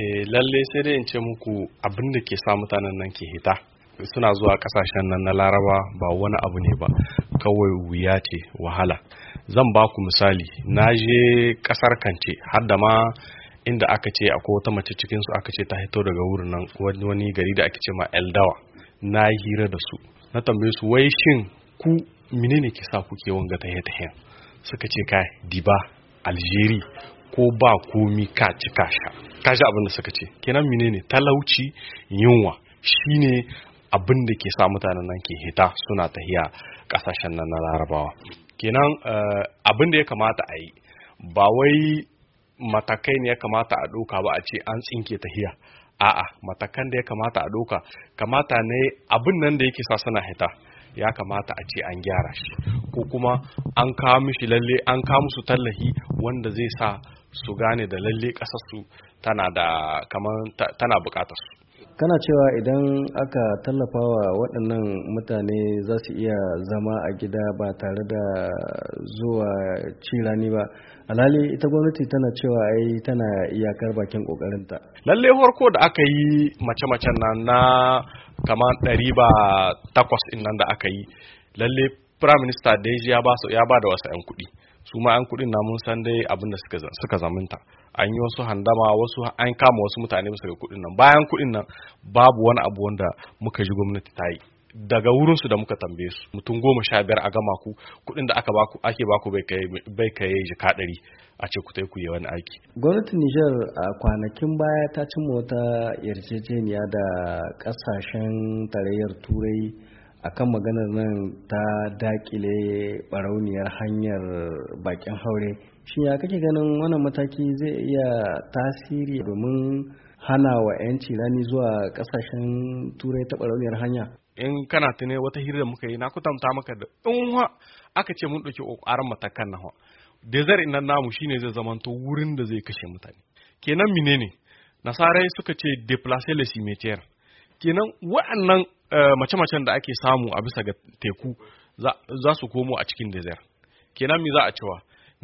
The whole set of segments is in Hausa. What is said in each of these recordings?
eh lalle sai dai in ce muku abin da ke sa mutanen nan ke hita suna zuwa kasashen nan na laraba ba wani abu ne ba kawai wuya ce wahala zan ba ku misali na je kasar kance har da ma inda aka ce akwai wata mace cikin su aka ce ta hito daga wurin nan wani gari da ake ce ma eldawa na hira da su na tambaye su wai shin ku menene ke sa kuke wanga ta tahen suka ce kai diba algeri ko ba komi ka ci sha ka abin da suka ce kenan menene talauci yunwa shine abin da ke sa mutanen nan ke hita suna tahiya kasashen nan na larabawa kenan eh, abin da ya kamata a yi ba wai matakai ne ya kamata a ɗauka ba a ce an tsinke tahiya a'a matakan da ya kamata a ɗauka kamata ne abin nan da yake sa suna hita ya kamata a ce an gyara shi ko kuma an kawo mishi lalle an kawo musu tallahi wanda zai sa su gane da lalle su tana da kamar tana bukatar su kana cewa idan aka tallafa wa waɗannan mutane za su iya zama a gida ba tare da zuwa cirani ba alhali ita gwamnati tana cewa ai tana iyakar bakin ƙoƙarinta lalle farko da aka yi mace-macen nan na kamar ɗari ba takwas nan da aka yi lalle prime minister deji ya ba da wasu 'yan kuɗi su ma 'yan kudin na mun san dai abin suka zamanta an yi wasu handama wasu an kama wasu mutane bisa ga kudin nan bayan kudin nan babu wani abu wanda muka ji gwamnati ta yi daga wurinsu da muka tambaye su mutum goma sha biyar a gama ku kuɗin da aka baku ake baku bai kai jika ɗari a ce ku ku yi wani aiki. gwamnatin nijar a kwanakin baya ta cimma wata yarjejeniya da kasashen tarayyar turai akan maganar nan ta dakile barauniyar hanyar bakin haure shi ya kake ganin wannan mataki zai iya tasiri domin hana wa 'yanci rani zuwa kasashen turai ta barauniyar hanya in kana tune wata hirar da muka yi na kutamta maka da in aka ce mun ɗauki ƙoƙarin matakan na desert nan namu shine zai zamanto wurin da zai kashe mutane kenan menene nasarai suka ce deplacer le cimetière kenan wa'annan eh, mace-macen da ake samu a bisa ga teku za su komo a cikin desert kenan mi za a cewa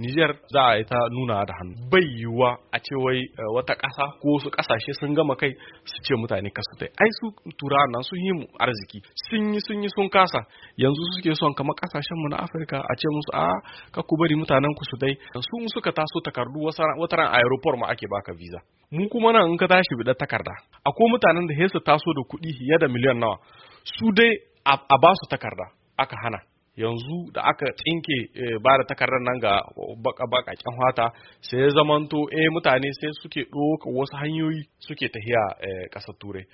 Nijar za a yi ta nuna da hannu bai yiwuwa a ce wai eh, wata ƙasa ko wasu ƙasashe sun gama kai su ce mutane kasu su ai su tura nan sun yi mu arziki sun yi sun yi sun kasa yanzu suke son kama ƙasashen mu na Afirka a ce musu a ah, ka ku bari mutanen ku su dai su suka taso takardu wata ran aeroport ma ake baka visa mu kuma nan in ka tashi biɗa takarda akwai mutanen da hesa taso da kuɗi fiye da miliyan nawa su dai a ba su takarda aka hana yanzu da aka tsinke eh, ba da takarar nan ga baka hata sai ya zamanto eh mutane sai suke doka wasu hanyoyi suke tahiya eh, ƙasar turai